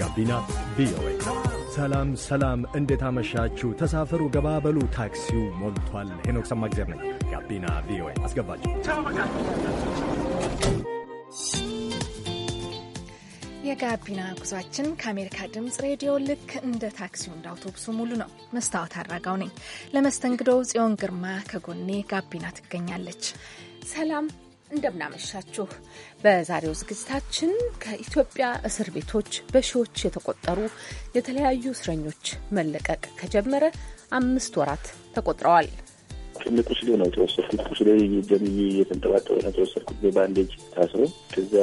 ጋቢና ቪኦኤ። ሰላም ሰላም፣ እንዴት አመሻችሁ? ተሳፈሩ፣ ገባበሉ፣ ታክሲው ሞልቷል። ሄኖክ ሰማግዜር ነኝ። ጋቢና ቪኦኤ አስገባችሁ። የጋቢና ጉዟችን ከአሜሪካ ድምፅ ሬዲዮ ልክ እንደ ታክሲው እንደ አውቶቡሱ ሙሉ ነው። መስታወት አድራጋው ነኝ። ለመስተንግዶ ጽዮን ግርማ ከጎኔ ጋቢና ትገኛለች። ሰላም እንደምናመሻችሁ። በዛሬው ዝግጅታችን ከኢትዮጵያ እስር ቤቶች በሺዎች የተቆጠሩ የተለያዩ እስረኞች መለቀቅ ከጀመረ አምስት ወራት ተቆጥረዋል። ትልቁ ስሌ ነው የተወሰድኩት። ቁስሌ ደም የተንጠባጠበ ነው የተወሰድኩት በባንዴጅ ታስሮ ከዛ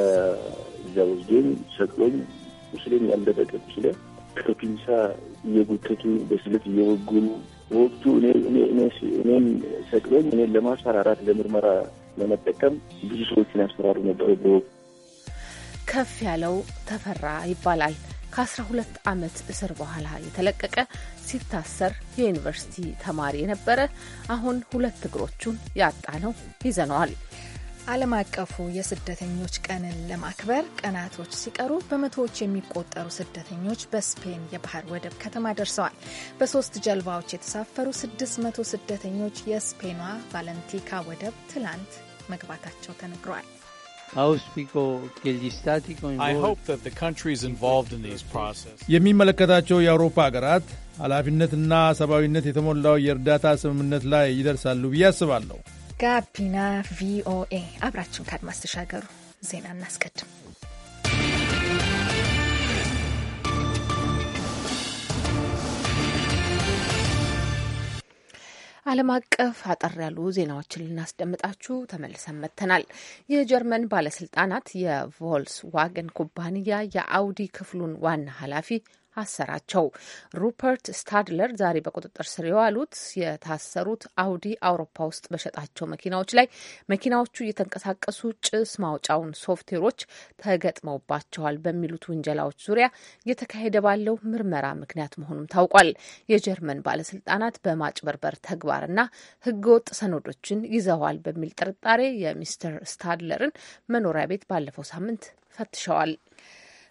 እዛ ወስዶኝ ሰቅሎኝ ቁስሌም ያልደረቀ ቁስሌ ከፒንሳ እየጎተቱ በስለት እየወጉን በወቅቱ እኔም ሰቅሎኝ እኔን ለማስፈራራት ለምርመራ ለመጠቀም ብዙ ሰዎችን ያስፈራሩ ነበር። ከፍ ያለው ተፈራ ይባላል። ከ12 ዓመት እስር በኋላ የተለቀቀ ሲታሰር የዩኒቨርሲቲ ተማሪ የነበረ አሁን ሁለት እግሮቹን ያጣ ነው። ይዘነዋል። ዓለም አቀፉ የስደተኞች ቀንን ለማክበር ቀናቶች ሲቀሩ በመቶዎች የሚቆጠሩ ስደተኞች በስፔን የባህር ወደብ ከተማ ደርሰዋል። በሶስት ጀልባዎች የተሳፈሩ 600 ስደተኞች የስፔኗ ቫለንቲካ ወደብ ትላንት መግባታቸው ተነግሯል። የሚመለከታቸው የአውሮፓ ሀገራት ኃላፊነትና ሰብአዊነት የተሞላው የእርዳታ ስምምነት ላይ ይደርሳሉ ብዬ አስባለሁ። ጋቢና ቪኦኤ አብራችን ከአድማስ ተሻገሩ። ዜና እናስቀድም። ዓለም አቀፍ አጠር ያሉ ዜናዎችን ልናስደምጣችሁ ተመልሰን መጥተናል። የጀርመን ባለስልጣናት የቮልስ ዋገን ኩባንያ የአውዲ ክፍሉን ዋና ኃላፊ አሰራቸው። ሩፐርት ስታድለር ዛሬ በቁጥጥር ስር የዋሉት የታሰሩት አውዲ አውሮፓ ውስጥ በሸጣቸው መኪናዎች ላይ መኪናዎቹ እየተንቀሳቀሱ ጭስ ማውጫውን ሶፍትዌሮች ተገጥመውባቸዋል በሚሉት ውንጀላዎች ዙሪያ እየተካሄደ ባለው ምርመራ ምክንያት መሆኑም ታውቋል። የጀርመን ባለስልጣናት በማጭበርበር ተግባርና ህገወጥ ሰነዶችን ይዘዋል በሚል ጥርጣሬ የሚስተር ስታድለርን መኖሪያ ቤት ባለፈው ሳምንት ፈትሸዋል።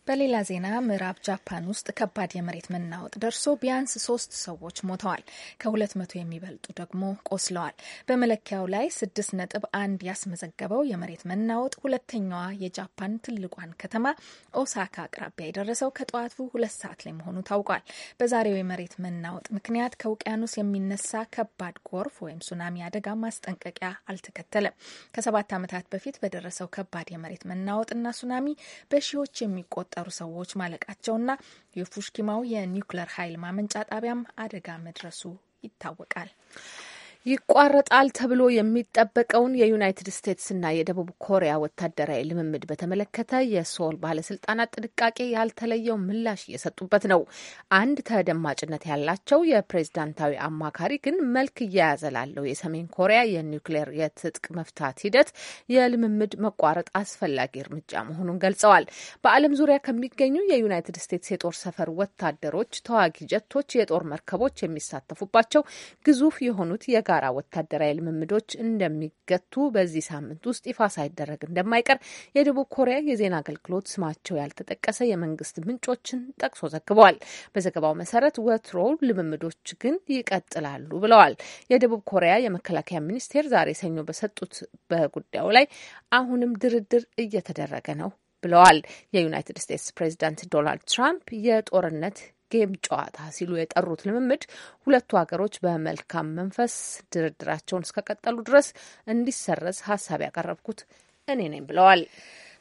በሌላ ዜና ምዕራብ ጃፓን ውስጥ ከባድ የመሬት መናወጥ ደርሶ ቢያንስ ሶስት ሰዎች ሞተዋል፣ ከሁለት መቶ የሚበልጡ ደግሞ ቆስለዋል። በመለኪያው ላይ ስድስት ነጥብ አንድ ያስመዘገበው የመሬት መናወጥ ሁለተኛዋ የጃፓን ትልቋን ከተማ ኦሳካ አቅራቢያ የደረሰው ከጠዋቱ ሁለት ሰዓት ላይ መሆኑ ታውቋል። በዛሬው የመሬት መናወጥ ምክንያት ከውቅያኖስ የሚነሳ ከባድ ጎርፍ ወይም ሱናሚ አደጋ ማስጠንቀቂያ አልተከተለም። ከሰባት ዓመታት በፊት በደረሰው ከባድ የመሬት መናወጥና ሱናሚ በሺዎች የሚቆጠ የተጠረጠሩ ሰዎች ማለቃቸውና የፉሽኪማው የኒውክለር ኃይል ማመንጫ ጣቢያም አደጋ መድረሱ ይታወቃል። ይቋረጣል ተብሎ የሚጠበቀውን የዩናይትድ ስቴትስና የደቡብ ኮሪያ ወታደራዊ ልምምድ በተመለከተ የሶል ባለስልጣናት ጥንቃቄ ያልተለየው ምላሽ እየሰጡበት ነው። አንድ ተደማጭነት ያላቸው የፕሬዝዳንታዊ አማካሪ ግን መልክ እየያዘ ላለው የሰሜን ኮሪያ የኒውክሌር የትጥቅ መፍታት ሂደት የልምምድ መቋረጥ አስፈላጊ እርምጃ መሆኑን ገልጸዋል። በዓለም ዙሪያ ከሚገኙ የዩናይትድ ስቴትስ የጦር ሰፈር ወታደሮች፣ ተዋጊ ጀቶች፣ የጦር መርከቦች የሚሳተፉባቸው ግዙፍ የሆኑት የጋ የጋራ ወታደራዊ ልምምዶች እንደሚገቱ በዚህ ሳምንት ውስጥ ይፋ ሳይደረግ እንደማይቀር የደቡብ ኮሪያ የዜና አገልግሎት ስማቸው ያልተጠቀሰ የመንግስት ምንጮችን ጠቅሶ ዘግበዋል። በዘገባው መሰረት ወትሮ ልምምዶች ግን ይቀጥላሉ ብለዋል። የደቡብ ኮሪያ የመከላከያ ሚኒስቴር ዛሬ ሰኞ በሰጡት በጉዳዩ ላይ አሁንም ድርድር እየተደረገ ነው ብለዋል። የዩናይትድ ስቴትስ ፕሬዚዳንት ዶናልድ ትራምፕ የጦርነት ጌም ጨዋታ ሲሉ የጠሩት ልምምድ ሁለቱ ሀገሮች በመልካም መንፈስ ድርድራቸውን እስከቀጠሉ ድረስ እንዲሰረዝ ሀሳብ ያቀረብኩት እኔ ነኝ ብለዋል።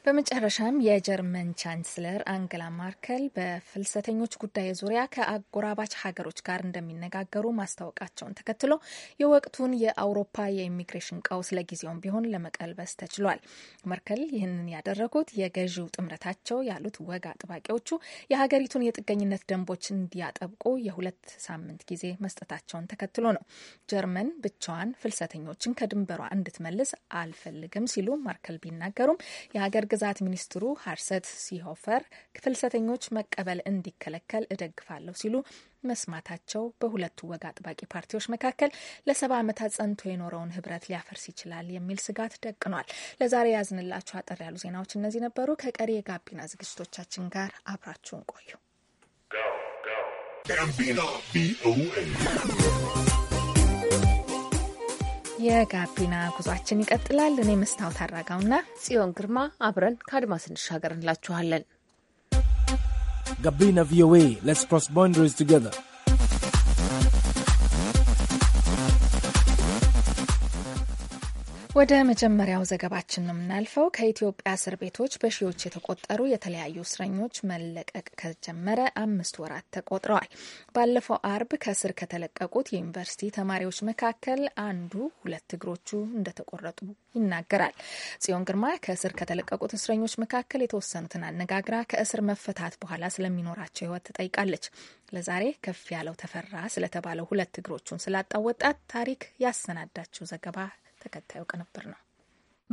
በመጨረሻም የጀርመን ቻንስለር አንገላ ማርከል በፍልሰተኞች ጉዳይ ዙሪያ ከአጎራባች ሀገሮች ጋር እንደሚነጋገሩ ማስታወቃቸውን ተከትሎ የወቅቱን የአውሮፓ የኢሚግሬሽን ቀውስ ለጊዜውም ቢሆን ለመቀልበስ ተችሏል። መርከል ይህንን ያደረጉት የገዢው ጥምረታቸው ያሉት ወግ አጥባቂዎቹ የሀገሪቱን የጥገኝነት ደንቦች እንዲያጠብቁ የሁለት ሳምንት ጊዜ መስጠታቸውን ተከትሎ ነው። ጀርመን ብቻዋን ፍልሰተኞችን ከድንበሯ እንድትመልስ አልፈልግም ሲሉ ማርከል ቢናገሩም የሀገር ግዛት ሚኒስትሩ ሀርሰት ሲሆፈር ፍልሰተኞች መቀበል እንዲከለከል እደግፋለሁ ሲሉ መስማታቸው በሁለቱ ወግ አጥባቂ ፓርቲዎች መካከል ለሰባ ዓመታት ጸንቶ የኖረውን ህብረት ሊያፈርስ ይችላል የሚል ስጋት ደቅኗል። ለዛሬ ያዝንላችሁ አጠር ያሉ ዜናዎች እነዚህ ነበሩ። ከቀሪ የጋቢና ዝግጅቶቻችን ጋር አብራችሁን ቆዩ። የጋቢና ጉዟችን ይቀጥላል። እኔ መስታወት አራጋውና ጽዮን ግርማ አብረን ከአድማስ እንሻገር እንላችኋለን። ጋቢና ቪኦኤ ሌትስ ክሮስ ባውንደሪስ ቱጌዘር ወደ መጀመሪያው ዘገባችን ነው የምናልፈው። ከኢትዮጵያ እስር ቤቶች በሺዎች የተቆጠሩ የተለያዩ እስረኞች መለቀቅ ከጀመረ አምስት ወራት ተቆጥረዋል። ባለፈው አርብ ከእስር ከተለቀቁት የዩኒቨርሲቲ ተማሪዎች መካከል አንዱ ሁለት እግሮቹ እንደተቆረጡ ይናገራል። ጽዮን ግርማ ከእስር ከተለቀቁት እስረኞች መካከል የተወሰኑትን አነጋግራ ከእስር መፈታት በኋላ ስለሚኖራቸው ሕይወት ትጠይቃለች። ለዛሬ ከፍ ያለው ተፈራ ስለተባለው ሁለት እግሮቹን ስላጣወጣት ታሪክ ያሰናዳችው ዘገባ ተከታዩ ቅንብር ነው።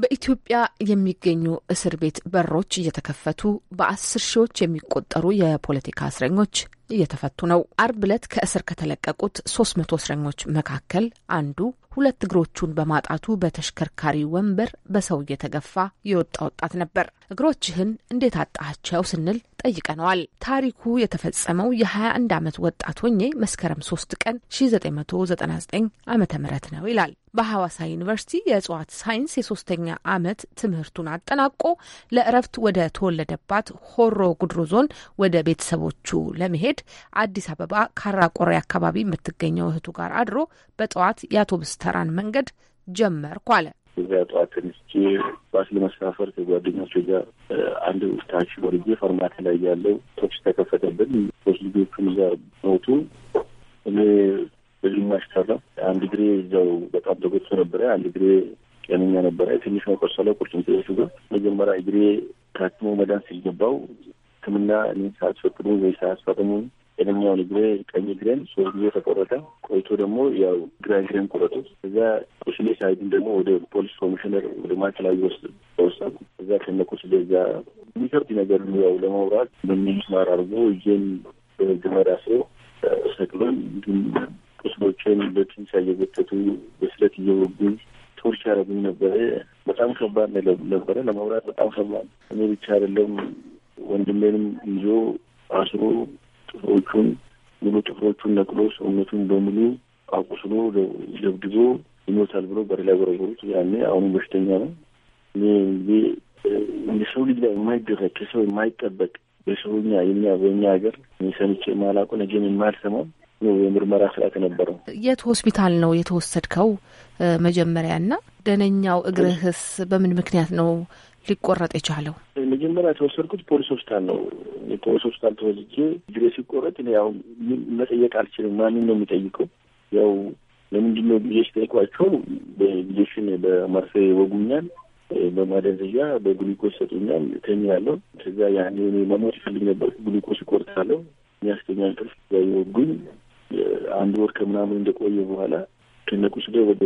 በኢትዮጵያ የሚገኙ እስር ቤት በሮች እየተከፈቱ በአስር ሺዎች የሚቆጠሩ የፖለቲካ እስረኞች እየተፈቱ ነው። አርብ ዕለት ከእስር ከተለቀቁት ሶስት መቶ እስረኞች መካከል አንዱ ሁለት እግሮቹን በማጣቱ በተሽከርካሪ ወንበር በሰው እየተገፋ የወጣ ወጣት ነበር። እግሮችህን እንዴት አጣቸው ስንል ጠይቀነዋል። ታሪኩ የተፈጸመው የ21 ዓመት ወጣት ሆኜ መስከረም 3 ቀን 1999 ዓ ም ነው ይላል። በሐዋሳ ዩኒቨርሲቲ የእጽዋት ሳይንስ የሶስተኛ ዓመት ትምህርቱን አጠናቆ ለእረፍት ወደ ተወለደባት ሆሮ ጉድሮ ዞን ወደ ቤተሰቦቹ ለመሄድ አዲስ አበባ ካራ ቆሬ አካባቢ የምትገኘው እህቱ ጋር አድሮ በጠዋት የአውቶብስ ተራን መንገድ ጀመርኩ አለ። እዚያ ጠዋት ተነስቼ ባስ ለመሳፈር ከጓደኞች ጋር አንድ ታክሲ ወርጄ ፈርማት ላይ ያለው ቶች ተከፈተብን። ሶስት ልጆቹም እዛ ሞቱ። እኔ በግማሽ ተራ አንድ እግሬ እዛው በጣም ተጎድቶ ነበረ። አንድ እግሬ ጤነኛ ነበረ። ትንሽ መቆሰለ ቆሰለው ቁርጭምጭሚቱ ጋር መጀመሪያ እግሬ ታክሞ መዳን ሲገባው ሕክምና እኔን ሳያስፈቅሙ ወይ ሳያስፈቅሙ ቀደኛው እግሬ ቀኝ እግሬን ሶስት ጊዜ ተቆረጠ። ቆይቶ ደግሞ ያው ግራ እግሬን ቆረጡት። እዛ ቁስሌ ሳይድን ደግሞ ወደ ፖሊስ ኮሚሽነር ወደ ማዕከላዊ ወስድ ተወሰኑ። እዛ ከነ ቁስሌ እዛ የሚከብድ ነገር ያው ለመውራት በሚስማር አድርጎ እጄን በገመድ አስሮ ሰቅሎን ግን ቁስሎችን በፒንሳ እየጎተቱ በስለት እየወጉኝ ቶርች ያደረጉኝ ነበረ። በጣም ከባድ ነበረ ለመውራት በጣም ከባድ እኔ ብቻ አይደለም ወንድሜንም ይዞ አስሮ ጥፍሮቹን ሙሉ ጥፍሮቹን ነቅሎ ሰውነቱን በሙሉ አቁስሎ ደብድቦ ይሞታል ብሎ በሬ ላይ ጎረጎሩት። ያኔ አሁኑ በሽተኛ ነው። እኔ እንግዲህ ሰው ልጅ ላይ የማይደረግ ከሰው የማይጠበቅ በሰውኛ የኛ በኛ ሀገር ሰምቼ የማላውቀው ነገም የማልሰማው የምርመራ ስርዓት ነበረው። የት ሆስፒታል ነው የተወሰድከው መጀመሪያ? እና ደነኛው እግርህስ በምን ምክንያት ነው ሊቆረጥ የቻለው? መጀመሪያ የተወሰድኩት ፖሊስ ሆስፒታል ነው። የፖሊስ ሆስፒታል ተወስጄ እግሬ ሲቆረጥ ያው መጠየቅ አልችልም። ማንም ነው የሚጠይቀው? ያው ለምንድን ነው ጊዜ ሲጠይቋቸው በኢንጀክሽን በማርፌ ወጉኛል፣ በማደንዘዣ በግሉኮስ ሰጡኛል። ተኛለሁ። ከዚያ ያኔ መሞት ይፈልግ ነበር። ግሉኮስ ይቆርጣለሁ። የሚያስተኛ እንቅልፍ ያየወጉኝ አንድ ወር ከምናምን እንደቆየ በኋላ ከነቁስሌ ወደ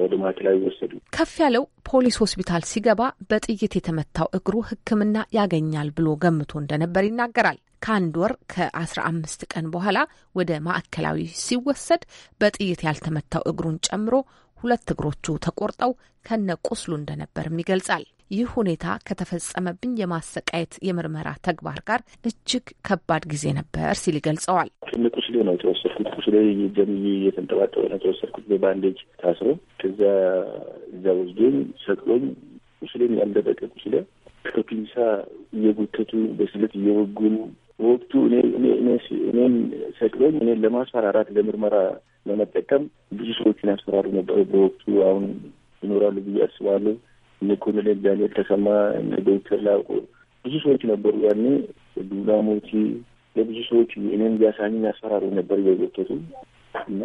ወደ ላይ ወሰዱ። ከፍ ያለው ፖሊስ ሆስፒታል ሲገባ በጥይት የተመታው እግሩ ሕክምና ያገኛል ብሎ ገምቶ እንደነበር ይናገራል። ከአንድ ወር ከአስራ አምስት ቀን በኋላ ወደ ማዕከላዊ ሲወሰድ በጥይት ያልተመታው እግሩን ጨምሮ ሁለት እግሮቹ ተቆርጠው ከነ ቁስሉ እንደነበርም ይገልጻል። ይህ ሁኔታ ከተፈጸመብኝ የማሰቃየት የምርመራ ተግባር ጋር እጅግ ከባድ ጊዜ ነበር ሲል ይገልጸዋል። ትልቁ ስሌ ነው የተወሰድኩት። ቁስሌ ደምዬ እየተንጠባጠበ ነው የተወሰድኩት በባንዴጅ ታስሮ። ከዛ እዛ ወስዶኝ ሰቅሎኝ ቁስሌን ያልደረቀ ቁስሌ ከፒንሳ እየጎተቱ በስለት እየወጉን በወቅቱ እኔም ሰቅሎኝ እኔን ለማስፈራራት ለምርመራ ለመጠቀም ብዙ ሰዎችን ያስፈራሩ ነበር በወቅቱ አሁን ይኖራሉ ብዬ አስባለሁ። እነ ኮሎኔል ዳንኤል ተሰማ፣ እነ ዶክተር ላቁ ብዙ ሰዎች ነበሩ። ያኔ ዱላ ሞቲ ለብዙ ሰዎች እኔም ያሳኝን ያስፈራሩ ነበር እየጎተቱ እና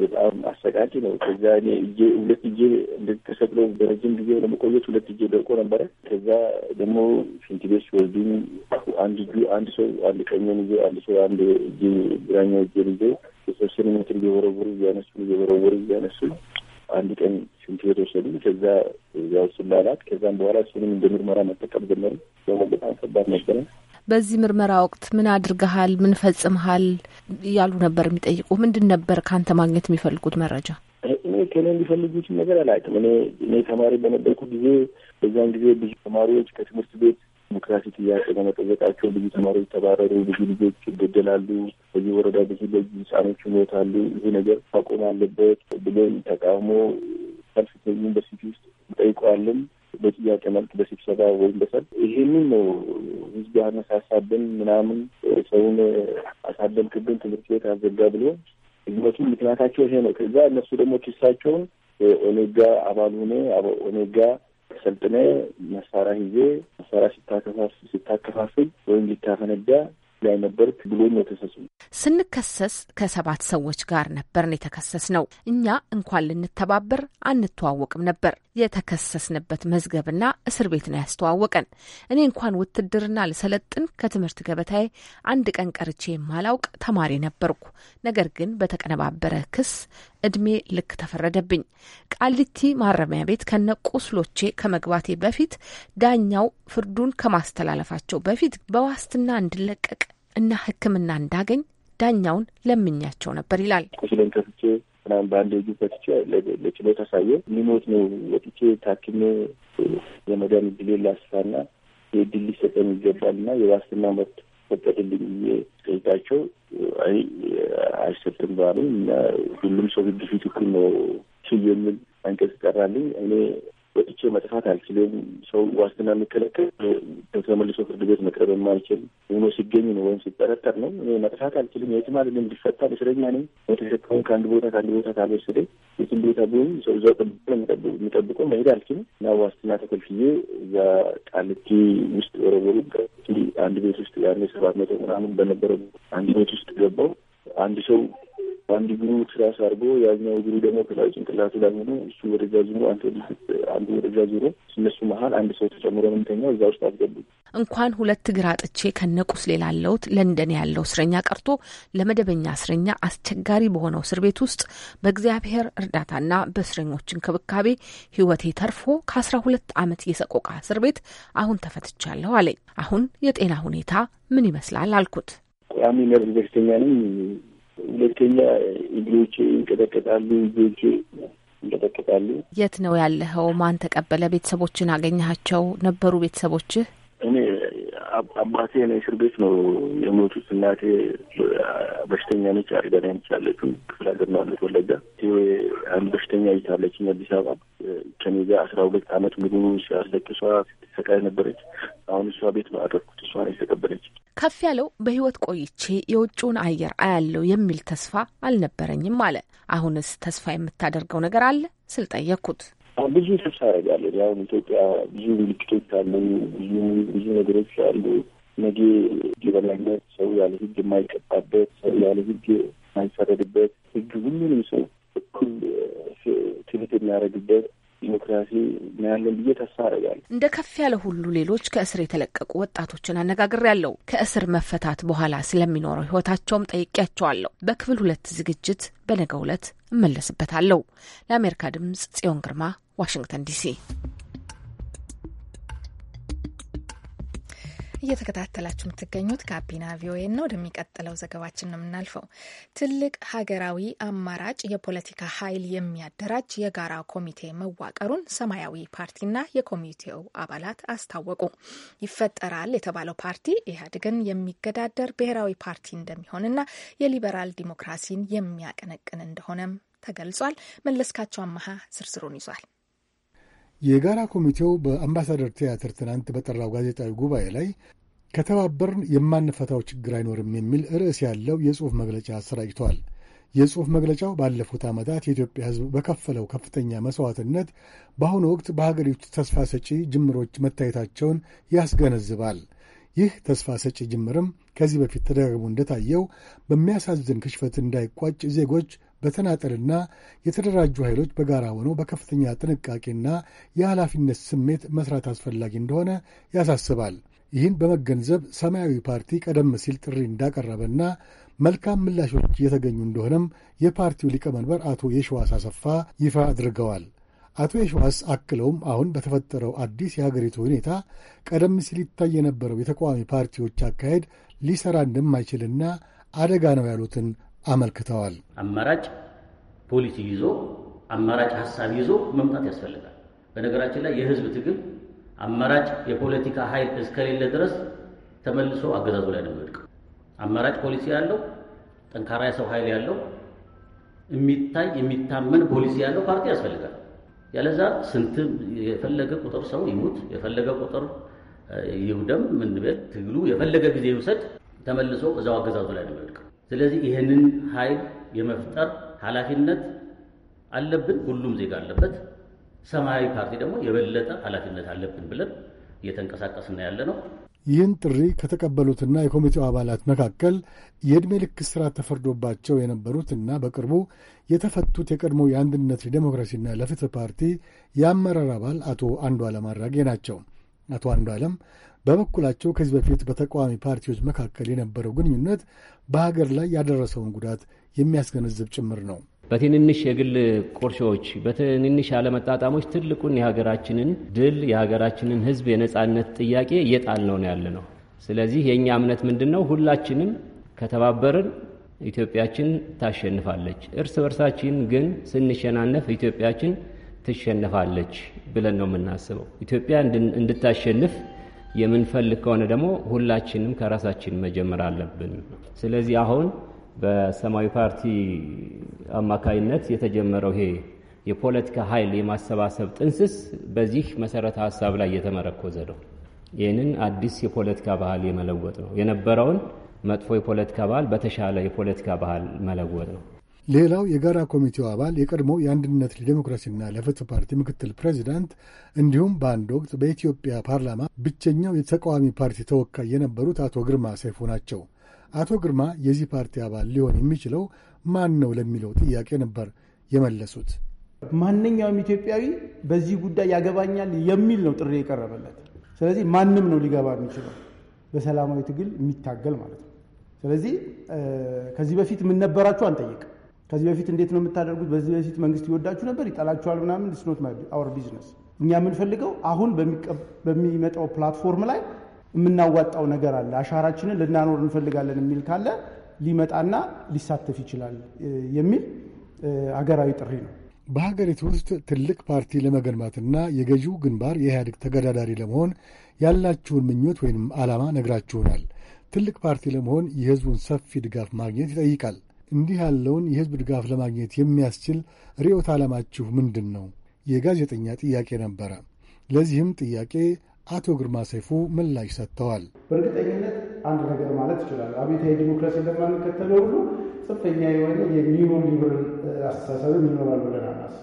በጣም አሰቃቂ ነው። ከዛ እኔ እጄ ሁለት እጄ እንደተሰቅሎ በረጅም ጊዜ ለመቆየት ሁለት እጄ ደርቆ ነበረ። ከዛ ደግሞ ሽንት ቤት ሲወስዱኝ አንድ እጁ አንድ ሰው አንድ ቀኘን ይዞ አንድ ሰው አንድ እጄ ግራኛ እጄን ይዞ የተወሰነ ሜትር እየወረወሩ እያነሱ እየወረወሩ እያነሱ አንድ ቀን ሽንት ቤት ወሰዱ። ከዛ ያው ስላላት ከዛም በኋላ እሱንም እንደ ምርመራ መጠቀም ጀመሩ። በጣም ከባድ ነበረ። በዚህ ምርመራ ወቅት ምን አድርገሃል፣ ምን ፈጽምሃል እያሉ ነበር የሚጠይቁ። ምንድን ነበር ከአንተ ማግኘት የሚፈልጉት መረጃ? እኔ ከእኔ የሚፈልጉትን ነገር አላውቅም። እኔ እኔ ተማሪ በነበርኩ ጊዜ በዛን ጊዜ ብዙ ተማሪዎች ከትምህርት ቤት ዲሞክራሲ ጥያቄ ለመጠየቃቸው ብዙ ተማሪዎች ተባረሩ፣ ብዙ ልጆች ይገደላሉ፣ በየወረዳ ብዙ ለዚ ህጻኖች ይሞታሉ። ይሄ ነገር መቆም አለበት ብለን ተቃውሞ ሰልፍ ዩኒቨርሲቲ ውስጥ እንጠይቀዋለን። በጥያቄ መልክ በስብሰባ ወይም በሰልፍ ይሄንን ነው ህዝብ ያነሳሳብን ምናምን ሰውን አሳደልክብን ትምህርት ቤት አዘጋ ብሎ ህዝመቱ ምክንያታቸው ይሄ ነው። ከዛ እነሱ ደግሞ ክሳቸውን ኦኔጋ አባል ሆኔ ኦኔጋ አሰልጥነ መሳሪያ ይዤ መሳሪያ ሲታከፋፍ ሲታከፋፍል ወይም ሊታፈነዳ ላይ ነበርክ ብሎኝ ነው ተሰሱ ስንከሰስ ከሰባት ሰዎች ጋር ነበርን የተከሰስ ነው። እኛ እንኳን ልንተባበር አንተዋወቅም ነበር። የተከሰስንበት መዝገብና እስር ቤት ነው ያስተዋወቀን። እኔ እንኳን ውትድርና ልሰለጥን ከትምህርት ገበታዬ አንድ ቀን ቀርቼ የማላውቅ ተማሪ ነበርኩ። ነገር ግን በተቀነባበረ ክስ እድሜ ልክ ተፈረደብኝ። ቃሊቲ ማረሚያ ቤት ከነ ቁስሎቼ ከመግባቴ በፊት ዳኛው ፍርዱን ከማስተላለፋቸው በፊት በዋስትና እንድለቀቅ እና ሕክምና እንዳገኝ ዳኛውን ለምኛቸው ነበር ይላል። ቁስሌን ከፍቼ ምናምን በአንድ እጁ ፈትቼ ለችሎት አሳየ ሊሞት ነው። ወጥቼ ታክሜ የመዳን እድሌ ላስፋና የድል ሊሰጠን ይገባል እና የዋስትና መብት ፈቀድልኝ ብዬ ጠይቃቸው አይ አይሰጥም ባሉኝ ሁሉም ሰው ህግ ፊት እኩል ነው ስየምል አንቀጽ ጠራልኝ እኔ ወጥቼ መጥፋት አልችልም። ሰው ዋስትና የሚከለከል ተመልሶ ፍርድ ቤት መቅረብ የማልችል ሆኖ ሲገኝ ነው ወይም ሲጠረጠር ነው። እኔ መጥፋት አልችልም። የትም አልሄድም። እንዲፈታ እስረኛ ነኝ። የተሸከሙን ከአንድ ቦታ ከአንድ ቦታ ካልወሰደ የትም ቦታ ቢሆን ሰው እዛው ጠብቆ የሚጠብቀው መሄድ አልችልም እና ዋስትና ተከልክዬ እዛ ቃልቲ ውስጥ ወረወሩ። አንድ ቤት ውስጥ ያኔ ሰባት መቶ ምናምን በነበረው አንድ ቤት ውስጥ ገባው አንድ ሰው አንድ እግሩ ትራስ አድርጎ ያኛው እግሩ ደግሞ ከላይ ጭንቅላቱ ላይ ሆኖ እሱ ወደዛ ዙሮ አንዱ ወደዛ ዙሮ እነሱ መሀል አንድ ሰው ተጨምሮ ምንተኛው እዛ ውስጥ አስገቡ። እንኳን ሁለት እግር አጥቼ ከነቁስ ሌላ ለውት ለንደን ያለው እስረኛ ቀርቶ ለመደበኛ እስረኛ አስቸጋሪ በሆነው እስር ቤት ውስጥ በእግዚአብሔር እርዳታና በእስረኞች እንክብካቤ ህይወቴ ተርፎ ከአስራ ሁለት አመት የሰቆቃ እስር ቤት አሁን ተፈትቻለሁ አለኝ። አሁን የጤና ሁኔታ ምን ይመስላል አልኩት። ቋሚ ነርቭ በሽተኛ ነኝ ሁለተኛ እግሮቼ ይንቀጠቀጣሉ፣ እጆቼ ይንቀጠቀጣሉ። የት ነው ያለኸው? ማን ተቀበለ? ቤተሰቦችን አገኘሃቸው? ነበሩ ቤተሰቦችህ? አባቴ ነው እስር ቤት ነው የሞቱት። እናቴ በሽተኛ ነች፣ አልጋ ላይ ነች ያለችው። ክፍለ ሀገር ነው ያለች ወለጋ። አንድ በሽተኛ ይታለችኝ አዲስ አበባ ከኔ ጋር አስራ ሁለት አመት ሙሉ ሲያስለቅሷ ስትሰቃይ ነበረች። አሁን እሷ ቤት ነው አደርኩት። እሷ ነው የተቀበለች። ከፍ ያለው በህይወት ቆይቼ የውጭውን አየር አያለው የሚል ተስፋ አልነበረኝም አለ። አሁንስ ተስፋ የምታደርገው ነገር አለ ስል ጠየቅኩት። ብዙ ተስፋ ያደርጋለን። አሁን ኢትዮጵያ ብዙ ምልክቶች አሉ፣ ብዙ ብዙ ነገሮች አሉ። ነገ ህግ የበላይነት፣ ሰው ያለ ህግ የማይቀጣበት፣ ሰው ያለ ህግ የማይፈረድበት፣ ህግ ሁሉንም ሰው እኩል ትምህርት የሚያደርግበት ዲሞክራሲ ያለን ብዬ ተስፋ አደርጋለሁ። እንደ ከፍ ያለ ሁሉ ሌሎች ከእስር የተለቀቁ ወጣቶችን አነጋግሬያለሁ። ከእስር መፈታት በኋላ ስለሚኖረው ህይወታቸውም ጠይቄያቸዋለሁ። በክፍል ሁለት ዝግጅት በነገው ዕለት እመለስበታለሁ። ለአሜሪካ ድምጽ ጽዮን ግርማ ዋሽንግተን ዲሲ። እየተከታተላችሁ የምትገኙት ጋቢና ቪኦኤ ነው። ወደሚቀጥለው ዘገባችን ነው የምናልፈው። ትልቅ ሀገራዊ አማራጭ የፖለቲካ ኃይል የሚያደራጅ የጋራ ኮሚቴ መዋቀሩን ሰማያዊ ፓርቲና የኮሚቴው አባላት አስታወቁ። ይፈጠራል የተባለው ፓርቲ ኢህአዴግን የሚገዳደር ብሔራዊ ፓርቲ እንደሚሆንና የሊበራል ዲሞክራሲን የሚያቀነቅን እንደሆነም ተገልጿል። መለስካቸው አመሀ ዝርዝሩን ይዟል። የጋራ ኮሚቴው በአምባሳደር ቲያትር ትናንት በጠራው ጋዜጣዊ ጉባኤ ላይ ከተባበርን የማንፈታው ችግር አይኖርም የሚል ርዕስ ያለው የጽሑፍ መግለጫ አሰራጭቷል። የጽሑፍ መግለጫው ባለፉት ዓመታት የኢትዮጵያ ሕዝብ በከፈለው ከፍተኛ መስዋዕትነት በአሁኑ ወቅት በሀገሪቱ ተስፋ ሰጪ ጅምሮች መታየታቸውን ያስገነዝባል። ይህ ተስፋ ሰጪ ጅምርም ከዚህ በፊት ተደጋግሞ እንደታየው በሚያሳዝን ክሽፈት እንዳይቋጭ ዜጎች በተናጠልና የተደራጁ ኃይሎች በጋራ ሆነው በከፍተኛ ጥንቃቄና የኃላፊነት ስሜት መስራት አስፈላጊ እንደሆነ ያሳስባል። ይህን በመገንዘብ ሰማያዊ ፓርቲ ቀደም ሲል ጥሪ እንዳቀረበና መልካም ምላሾች እየተገኙ እንደሆነም የፓርቲው ሊቀመንበር አቶ የሸዋስ አሰፋ ይፋ አድርገዋል። አቶ የሸዋስ አክለውም አሁን በተፈጠረው አዲስ የሀገሪቱ ሁኔታ ቀደም ሲል ይታይ የነበረው የተቃዋሚ ፓርቲዎች አካሄድ ሊሰራ እንደማይችልና አደጋ ነው ያሉትን አመልክተዋል። አማራጭ ፖሊሲ ይዞ አማራጭ ሀሳብ ይዞ መምጣት ያስፈልጋል። በነገራችን ላይ የህዝብ ትግል አማራጭ የፖለቲካ ኃይል እስከሌለ ድረስ ተመልሶ አገዛዙ ላይ ነው የሚወድቀው። አማራጭ ፖሊሲ ያለው ጠንካራ የሰው ኃይል ያለው የሚታይ የሚታመን ፖሊሲ ያለው ፓርቲ ያስፈልጋል። ያለዛ ስንት የፈለገ ቁጥር ሰው ይሙት፣ የፈለገ ቁጥር ይውደም፣ ምንበል ትግሉ የፈለገ ጊዜ ይውሰድ፣ ተመልሶ እዛው አገዛዙ ላይ ነው የሚወድቀው። ስለዚህ ይህንን ኃይል የመፍጠር ኃላፊነት አለብን። ሁሉም ዜጋ አለበት። ሰማያዊ ፓርቲ ደግሞ የበለጠ ኃላፊነት አለብን ብለን እየተንቀሳቀስን ያለ ነው። ይህን ጥሪ ከተቀበሉትና የኮሚቴው አባላት መካከል የዕድሜ ልክ እስራት ተፈርዶባቸው የነበሩትና በቅርቡ የተፈቱት የቀድሞ የአንድነት ለዲሞክራሲና ለፍትህ ፓርቲ የአመራር አባል አቶ አለም አራጌ ናቸው። አቶ አንዱዓለም በበኩላቸው ከዚህ በፊት በተቃዋሚ ፓርቲዎች መካከል የነበረው ግንኙነት በሀገር ላይ ያደረሰውን ጉዳት የሚያስገነዝብ ጭምር ነው። በትንንሽ የግል ቁርሾዎች፣ በትንንሽ አለመጣጣሞች ትልቁን የሀገራችንን ድል የሀገራችንን ሕዝብ የነጻነት ጥያቄ እየጣልነው ነው ያለ ነው። ስለዚህ የእኛ እምነት ምንድን ነው? ሁላችንም ከተባበርን ኢትዮጵያችን ታሸንፋለች። እርስ በርሳችን ግን ስንሸናነፍ ኢትዮጵያችን ትሸነፋለች ብለን ነው የምናስበው። ኢትዮጵያ እንድታሸንፍ የምንፈልግ ከሆነ ደግሞ ሁላችንም ከራሳችን መጀመር አለብን። ስለዚህ አሁን በሰማያዊ ፓርቲ አማካይነት የተጀመረው ይሄ የፖለቲካ ኃይል የማሰባሰብ ጥንስስ በዚህ መሰረተ ሀሳብ ላይ እየተመረኮዘ ነው። ይህንን አዲስ የፖለቲካ ባህል የመለወጥ ነው። የነበረውን መጥፎ የፖለቲካ ባህል በተሻለ የፖለቲካ ባህል መለወጥ ነው። ሌላው የጋራ ኮሚቴው አባል የቀድሞ የአንድነት ለዴሞክራሲና ለፍትህ ፓርቲ ምክትል ፕሬዚዳንት እንዲሁም በአንድ ወቅት በኢትዮጵያ ፓርላማ ብቸኛው የተቃዋሚ ፓርቲ ተወካይ የነበሩት አቶ ግርማ ሰይፉ ናቸው። አቶ ግርማ የዚህ ፓርቲ አባል ሊሆን የሚችለው ማን ነው ለሚለው ጥያቄ ነበር የመለሱት። ማንኛውም ኢትዮጵያዊ በዚህ ጉዳይ ያገባኛል የሚል ነው ጥሪ የቀረበለት። ስለዚህ ማንም ነው ሊገባ የሚችለው በሰላማዊ ትግል የሚታገል ማለት ነው። ስለዚህ ከዚህ በፊት የምንነበራችሁ አንጠይቅ ከዚህ በፊት እንዴት ነው የምታደርጉት? በዚህ በፊት መንግስት ይወዳችሁ ነበር ይጠላችኋል፣ ምናምን ስኖት አወር ቢዝነስ። እኛ የምንፈልገው አሁን በሚመጣው ፕላትፎርም ላይ የምናዋጣው ነገር አለ፣ አሻራችንን ልናኖር እንፈልጋለን የሚል ካለ ሊመጣና ሊሳተፍ ይችላል የሚል አገራዊ ጥሪ ነው። በሀገሪቱ ውስጥ ትልቅ ፓርቲ ለመገንባትና የገዢው ግንባር የኢህአዴግ ተገዳዳሪ ለመሆን ያላችሁን ምኞት ወይም ዓላማ ነግራችሁናል። ትልቅ ፓርቲ ለመሆን የህዝቡን ሰፊ ድጋፍ ማግኘት ይጠይቃል። እንዲህ ያለውን የህዝብ ድጋፍ ለማግኘት የሚያስችል ርዕዮተ ዓላማችሁ ምንድን ነው? የጋዜጠኛ ጥያቄ ነበረ። ለዚህም ጥያቄ አቶ ግርማ ሰይፉ ምላሽ ሰጥተዋል። በእርግጠኝነት አንድ ነገር ማለት ይችላል። አብዮታዊ ዲሞክራሲ እንደማንከተለው ሁሉ ጽንፈኛ የሆነ የኒዮ ሊብራል አስተሳሰብም ይኖራል ብለን አናስብ።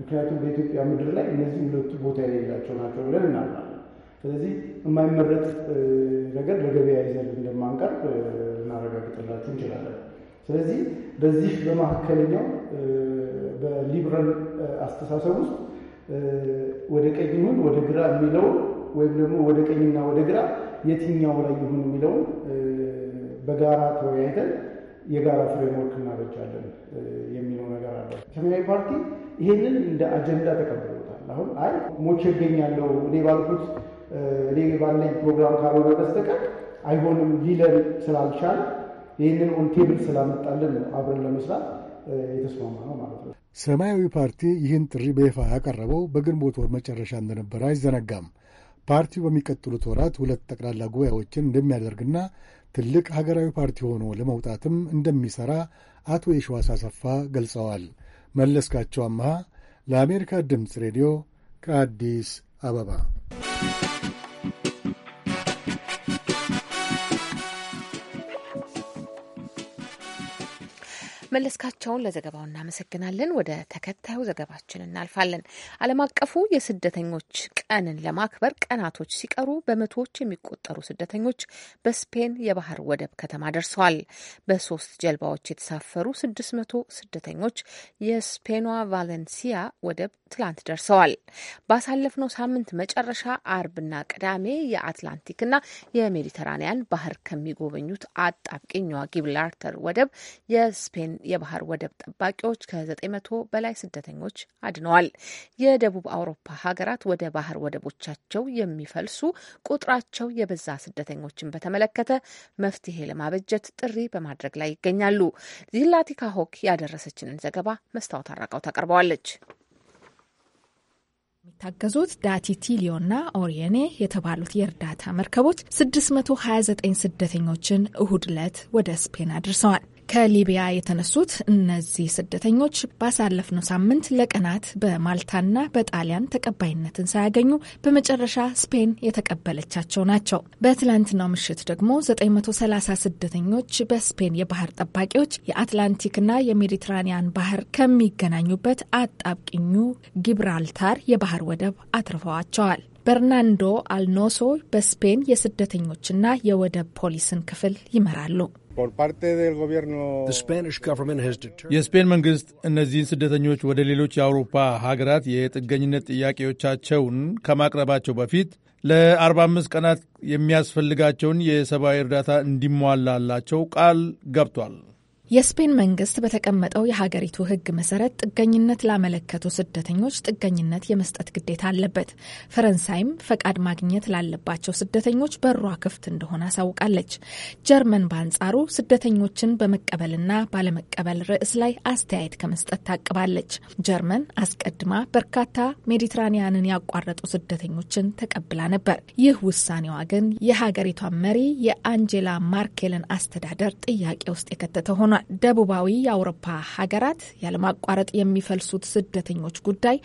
ምክንያቱም በኢትዮጵያ ምድር ላይ እነዚህ ሁለቱ ቦታ የሌላቸው ናቸው ብለን እናምናለን። ስለዚህ የማይመረጥ ነገር ለገበያ ይዘን እንደማንቀርብ እናረጋግጥላችሁ እንችላለን። ስለዚህ በዚህ በመካከለኛው በሊብራል አስተሳሰብ ውስጥ ወደ ቀኝ ይሁን ወደ ግራ የሚለውን ወይም ደግሞ ወደ ቀኝና ወደ ግራ የትኛው ላይ ይሁን የሚለውን በጋራ ተወያይተን የጋራ ፍሬምወርክ እናበጃለን የሚለው ነገር አለ። ሰማያዊ ፓርቲ ይሄንን እንደ አጀንዳ ተቀብሎታል። አሁን አይ ሞቼ እገኛለሁ እኔ ባልኩት እኔ ባለኝ ፕሮግራም ካልሆነ በስተቀር አይሆንም ሊለን ስላልቻለ ይህንን ኦንቴብል ስላመጣልን አብረን ለመስራት የተስማማ ነው ማለት ነው። ሰማያዊ ፓርቲ ይህን ጥሪ በይፋ ያቀረበው በግንቦት ወር መጨረሻ እንደነበረ አይዘነጋም። ፓርቲው በሚቀጥሉት ወራት ሁለት ጠቅላላ ጉባኤዎችን እንደሚያደርግና ትልቅ ሀገራዊ ፓርቲ ሆኖ ለመውጣትም እንደሚሠራ አቶ የሸዋስ አሰፋ ገልጸዋል። መለስካቸው አመሃ ለአሜሪካ ድምፅ ሬዲዮ ከአዲስ አበባ መለስካቸውን ለዘገባው እናመሰግናለን። ወደ ተከታዩ ዘገባችን እናልፋለን። ዓለም አቀፉ የስደተኞች ቀንን ለማክበር ቀናቶች ሲቀሩ በመቶዎች የሚቆጠሩ ስደተኞች በስፔን የባህር ወደብ ከተማ ደርሰዋል። በሶስት ጀልባዎች የተሳፈሩ ስድስት መቶ ስደተኞች የስፔኗ ቫሌንሲያ ወደብ ትላንት ደርሰዋል። ባሳለፍነው ሳምንት መጨረሻ አርብና ቅዳሜ የአትላንቲክና የሜዲተራኒያን ባህር ከሚጎበኙት አጣብቂኛዋ ጊብላርተር ወደብ የስፔን የባህር ወደብ ጠባቂዎች ከ900 በላይ ስደተኞች አድነዋል። የደቡብ አውሮፓ ሀገራት ወደ ባህር ወደቦቻቸው የሚፈልሱ ቁጥራቸው የበዛ ስደተኞችን በተመለከተ መፍትሄ ለማበጀት ጥሪ በማድረግ ላይ ይገኛሉ። ዚላቲካ ሆክ ያደረሰችንን ዘገባ መስታወት አራቃው ታቀርበዋለች። የሚታገዙት ዳቲቲ ሊዮና ኦሪየኔ የተባሉት የእርዳታ መርከቦች 629 ስደተኞችን እሁድ ዕለት ወደ ስፔን አድርሰዋል። ከሊቢያ የተነሱት እነዚህ ስደተኞች ባሳለፍነው ሳምንት ለቀናት በማልታና በጣሊያን ተቀባይነትን ሳያገኙ በመጨረሻ ስፔን የተቀበለቻቸው ናቸው። በትላንትናው ምሽት ደግሞ 930 ስደተኞች በስፔን የባህር ጠባቂዎች የአትላንቲክና የሜዲትራኒያን ባህር ከሚገናኙበት አጣብቂኙ ጊብራልታር የባህር ወደብ አትርፈዋቸዋል። በርናንዶ አልኖሶ በስፔን የስደተኞችና የወደብ ፖሊስን ክፍል ይመራሉ። የስፔን መንግስት እነዚህን ስደተኞች ወደ ሌሎች የአውሮፓ ሀገራት የጥገኝነት ጥያቄዎቻቸውን ከማቅረባቸው በፊት ለ45 ቀናት የሚያስፈልጋቸውን የሰብአዊ እርዳታ እንዲሟላላቸው ቃል ገብቷል። የስፔን መንግስት በተቀመጠው የሀገሪቱ ሕግ መሰረት ጥገኝነት ላመለከቱ ስደተኞች ጥገኝነት የመስጠት ግዴታ አለበት። ፈረንሳይም ፈቃድ ማግኘት ላለባቸው ስደተኞች በሯ ክፍት እንደሆነ አሳውቃለች። ጀርመን በአንጻሩ ስደተኞችን በመቀበልና ባለመቀበል ርዕስ ላይ አስተያየት ከመስጠት ታቅባለች። ጀርመን አስቀድማ በርካታ ሜዲትራኒያንን ያቋረጡ ስደተኞችን ተቀብላ ነበር። ይህ ውሳኔዋ ግን የሀገሪቷን መሪ የአንጄላ ማርኬልን አስተዳደር ጥያቄ ውስጥ የከተተ ሆኗል። ደቡባዊ የአውሮፓ ሀገራት ያለማቋረጥ የሚፈልሱት ስደተኞች ጉዳይ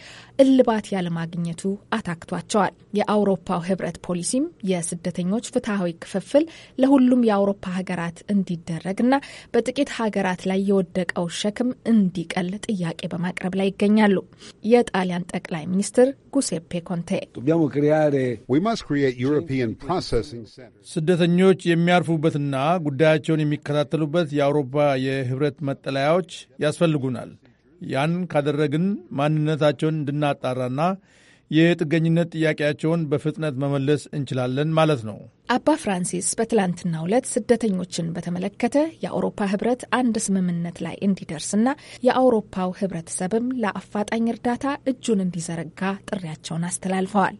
እልባት ያለማግኘቱ አታክቷቸዋል። የአውሮፓው ህብረት ፖሊሲም የስደተኞች ፍትሐዊ ክፍፍል ለሁሉም የአውሮፓ ሀገራት እንዲደረግና በጥቂት ሀገራት ላይ የወደቀው ሸክም እንዲቀል ጥያቄ በማቅረብ ላይ ይገኛሉ። የጣሊያን ጠቅላይ ሚኒስትር ጉሴፔ ኮንቴ ስደተኞች የሚያርፉበትና ጉዳያቸውን የሚከታተሉበት የአውሮፓ የህብረት መጠለያዎች ያስፈልጉናል። ያን ካደረግን ማንነታቸውን እንድናጣራና የጥገኝነት ጥያቄያቸውን በፍጥነት መመለስ እንችላለን ማለት ነው። አባ ፍራንሲስ በትላንትናው ዕለት ስደተኞችን በተመለከተ የአውሮፓ ህብረት አንድ ስምምነት ላይ እንዲደርስና የአውሮፓው ህብረተሰብም ለአፋጣኝ እርዳታ እጁን እንዲዘረጋ ጥሪያቸውን አስተላልፈዋል።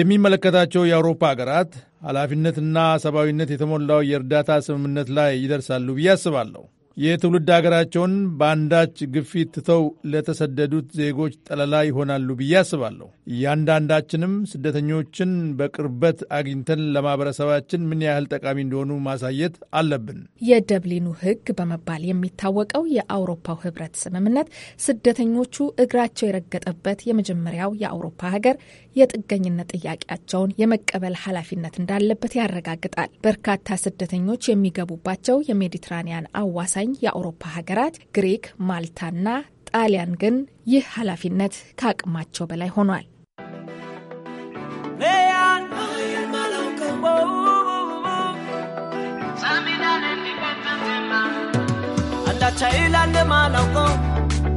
የሚመለከታቸው የአውሮፓ ሀገራት ኃላፊነትና ሰብአዊነት የተሞላው የእርዳታ ስምምነት ላይ ይደርሳሉ ብዬ አስባለሁ። የትውልድ አገራቸውን በአንዳች ግፊት ትተው ለተሰደዱት ዜጎች ጠለላ ይሆናሉ ብዬ አስባለሁ። እያንዳንዳችንም ስደተኞችን በቅርበት አግኝተን ለማህበረሰባችን ምን ያህል ጠቃሚ እንደሆኑ ማሳየት አለብን። የደብሊኑ ሕግ በመባል የሚታወቀው የአውሮፓው ሕብረት ስምምነት ስደተኞቹ እግራቸው የረገጠበት የመጀመሪያው የአውሮፓ ሀገር የጥገኝነት ጥያቄያቸውን የመቀበል ኃላፊነት እንዳለበት ያረጋግጣል። በርካታ ስደተኞች የሚገቡባቸው የሜዲትራኒያን አዋሳኝ ዘጠኝ የአውሮፓ ሀገራት ግሪክ፣ ማልታና ጣሊያን ግን ይህ ኃላፊነት ከአቅማቸው በላይ ሆኗል።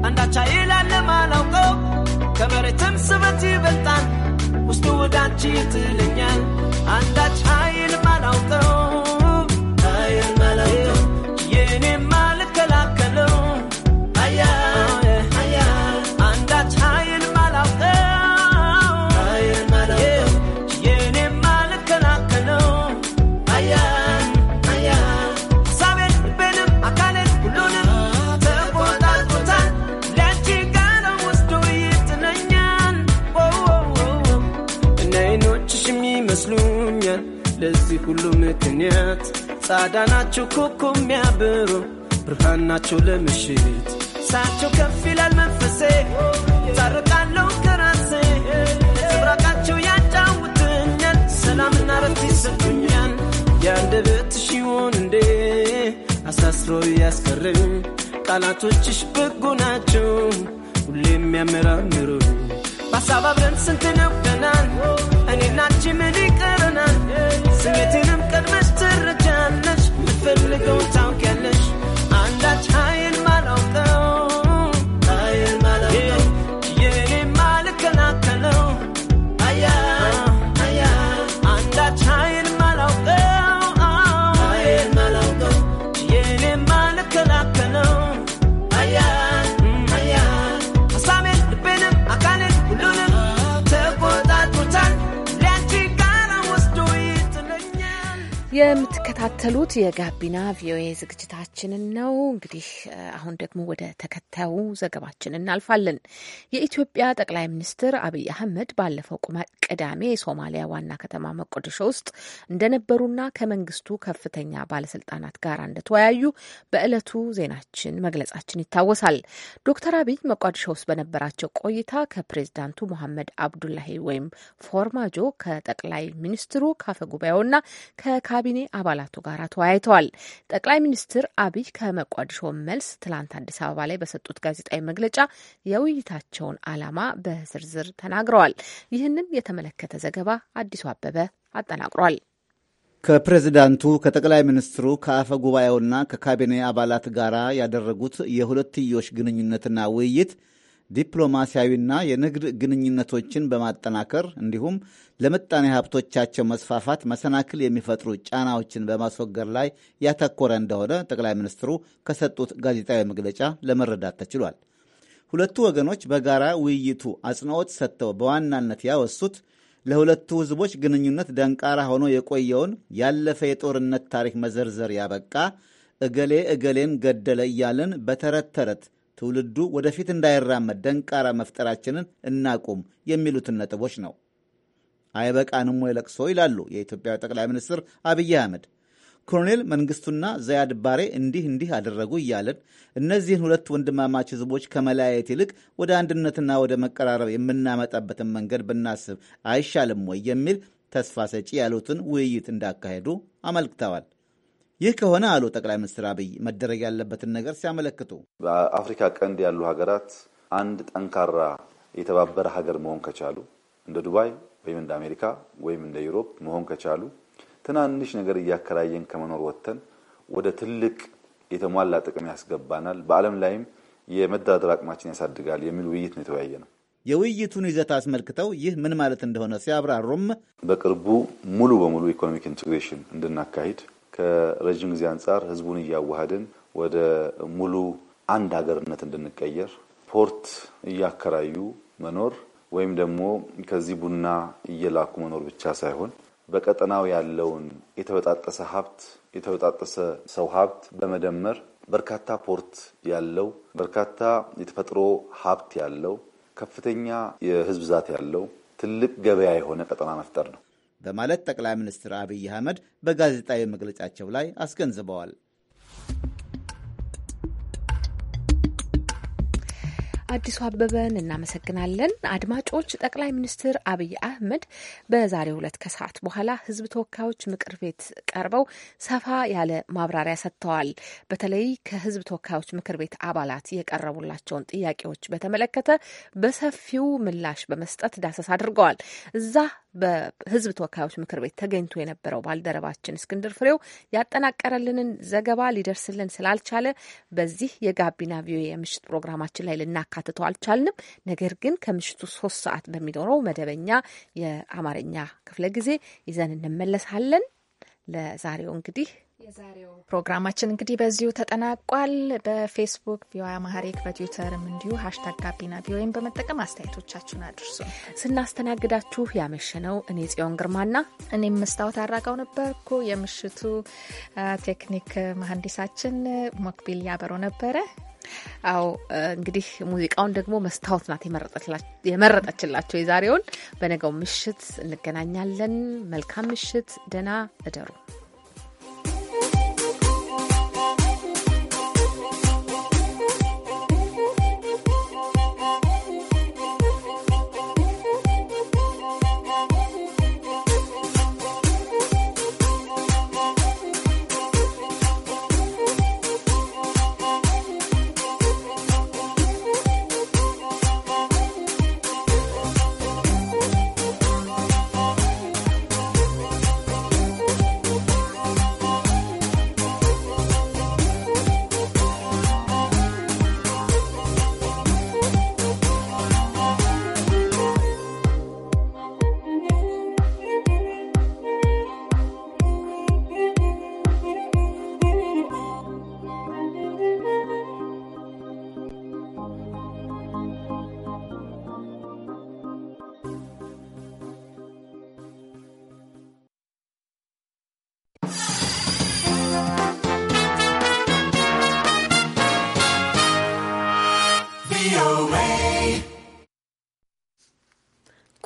አንዳቻ ከመሬትም ስበት ይበልጣል ውስጡ ወዳንቺ ትልኛል አንዳች ጎዳናችሁ ኮኮ የሚያብሩ ብርሃን ናችሁ ለምሽት ሳችሁ ከፍ ይላል መንፈሴ ታርቃለሁ ከራሴ ስብራቃችሁ ያጫውትኛል ሰላምና ረት ይሰጡኛል የአንድ ብት ሺሆን እንዴ አሳስሮ ያስቀርም ቃላቶችሽ በጎ ናቸው ሁሌ የሚያመራምሩ ባሳባብረን አብረን ስንት ነው ገናን እኔ ምን ይቀረናል ስሜትን little town የምትከታተሉት የጋቢና ቪኦኤ ዝግጅታ መግቢያችንን ነው። እንግዲህ አሁን ደግሞ ወደ ተከታዩ ዘገባችን እናልፋለን። የኢትዮጵያ ጠቅላይ ሚኒስትር አብይ አህመድ ባለፈው ቅዳሜ የሶማሊያ ዋና ከተማ መቆደሾ ውስጥ እንደነበሩና ከመንግስቱ ከፍተኛ ባለስልጣናት ጋር እንደተወያዩ በዕለቱ ዜናችን መግለጻችን ይታወሳል። ዶክተር አብይ መቋደሻ ውስጥ በነበራቸው ቆይታ ከፕሬዚዳንቱ መሐመድ አብዱላሂ ወይም ፎርማጆ ከጠቅላይ ሚኒስትሩ ካፈ ጉባኤውና ከካቢኔ አባላቱ ጋር ተወያይተዋል። ጠቅላይ ሚኒስትር አብይ ከመቋዲሾ መልስ ትላንት አዲስ አበባ ላይ በሰጡት ጋዜጣዊ መግለጫ የውይይታቸውን ዓላማ በዝርዝር ተናግረዋል። ይህንን የተመለከተ ዘገባ አዲሱ አበበ አጠናቅሯል። ከፕሬዝዳንቱ፣ ከጠቅላይ ሚኒስትሩ ከአፈ ጉባኤውና ከካቢኔ አባላት ጋር ያደረጉት የሁለትዮሽ ግንኙነትና ውይይት ዲፕሎማሲያዊና የንግድ ግንኙነቶችን በማጠናከር እንዲሁም ለምጣኔ ሀብቶቻቸው መስፋፋት መሰናክል የሚፈጥሩ ጫናዎችን በማስወገድ ላይ ያተኮረ እንደሆነ ጠቅላይ ሚኒስትሩ ከሰጡት ጋዜጣዊ መግለጫ ለመረዳት ተችሏል። ሁለቱ ወገኖች በጋራ ውይይቱ አጽንዖት ሰጥተው በዋናነት ያወሱት ለሁለቱ ሕዝቦች ግንኙነት ደንቃራ ሆኖ የቆየውን ያለፈ የጦርነት ታሪክ መዘርዘር ያበቃ እገሌ እገሌን ገደለ እያለን በተረት ተረት ትውልዱ ወደፊት እንዳይራመድ ደንቃራ መፍጠራችንን እናቁም የሚሉትን ነጥቦች ነው። አይበቃንም ወይ ለቅሶ ይላሉ የኢትዮጵያ ጠቅላይ ሚኒስትር አብይ አህመድ። ኮሎኔል መንግስቱና ዘያድ ባሬ እንዲህ እንዲህ አደረጉ እያለን እነዚህን ሁለት ወንድማማች ህዝቦች ከመለያየት ይልቅ ወደ አንድነትና ወደ መቀራረብ የምናመጣበትን መንገድ ብናስብ አይሻልም ወይ የሚል ተስፋ ሰጪ ያሉትን ውይይት እንዳካሄዱ አመልክተዋል። ይህ ከሆነ አሉ ጠቅላይ ሚኒስትር አብይ መደረግ ያለበትን ነገር ሲያመለክቱ በአፍሪካ ቀንድ ያሉ ሀገራት አንድ ጠንካራ የተባበረ ሀገር መሆን ከቻሉ እንደ ዱባይ ወይም እንደ አሜሪካ ወይም እንደ ዩሮፕ መሆን ከቻሉ ትናንሽ ነገር እያከራየን ከመኖር ወጥተን ወደ ትልቅ የተሟላ ጥቅም ያስገባናል፣ በዓለም ላይም የመደራደር አቅማችን ያሳድጋል የሚል ውይይት ነው የተወያየ ነው። የውይይቱን ይዘት አስመልክተው ይህ ምን ማለት እንደሆነ ሲያብራሩም በቅርቡ ሙሉ በሙሉ ኢኮኖሚክ ኢንቴግሬሽን እንድናካሂድ ከረጅም ጊዜ አንጻር ህዝቡን እያዋሃድን ወደ ሙሉ አንድ ሀገርነት እንድንቀየር ፖርት እያከራዩ መኖር ወይም ደግሞ ከዚህ ቡና እየላኩ መኖር ብቻ ሳይሆን በቀጠናው ያለውን የተበጣጠሰ ሀብት የተበጣጠሰ ሰው ሀብት በመደመር በርካታ ፖርት ያለው በርካታ የተፈጥሮ ሀብት ያለው ከፍተኛ የህዝብ ብዛት ያለው ትልቅ ገበያ የሆነ ቀጠና መፍጠር ነው። በማለት ጠቅላይ ሚኒስትር አብይ አህመድ በጋዜጣዊ መግለጫቸው ላይ አስገንዝበዋል። አዲሱ አበበን እናመሰግናለን። አድማጮች፣ ጠቅላይ ሚኒስትር አብይ አህመድ በዛሬው ዕለት ከሰዓት በኋላ ህዝብ ተወካዮች ምክር ቤት ቀርበው ሰፋ ያለ ማብራሪያ ሰጥተዋል። በተለይ ከህዝብ ተወካዮች ምክር ቤት አባላት የቀረቡላቸውን ጥያቄዎች በተመለከተ በሰፊው ምላሽ በመስጠት ዳሰሳ አድርገዋል። እዛ በህዝብ ተወካዮች ምክር ቤት ተገኝቶ የነበረው ባልደረባችን እስክንድር ፍሬው ያጠናቀረልንን ዘገባ ሊደርስልን ስላልቻለ በዚህ የጋቢና ቪኦኤ የምሽት ፕሮግራማችን ላይ ልናካትተው አልቻልንም። ነገር ግን ከምሽቱ ሶስት ሰዓት በሚኖረው መደበኛ የአማርኛ ክፍለ ጊዜ ይዘን እንመለሳለን። ለዛሬው እንግዲህ የዛሬው ፕሮግራማችን እንግዲህ በዚሁ ተጠናቋል። በፌስቡክ ቪኦኤ አማሪክ በትዊተርም እንዲሁ ሀሽታግ ጋቢና ቪኦኤም በመጠቀም አስተያየቶቻችሁን አድርሱ። ስናስተናግዳችሁ ያመሸነው እኔ ጽዮን ግርማና እኔም መስታወት አራጋው ነበርኩ። የምሽቱ ቴክኒክ መሀንዲሳችን ሞክቢል ያበሮ ነበረ። አዎ እንግዲህ ሙዚቃውን ደግሞ መስታወት ናት የመረጠችላቸው የዛሬውን። በነገው ምሽት እንገናኛለን። መልካም ምሽት፣ ደህና እደሩ።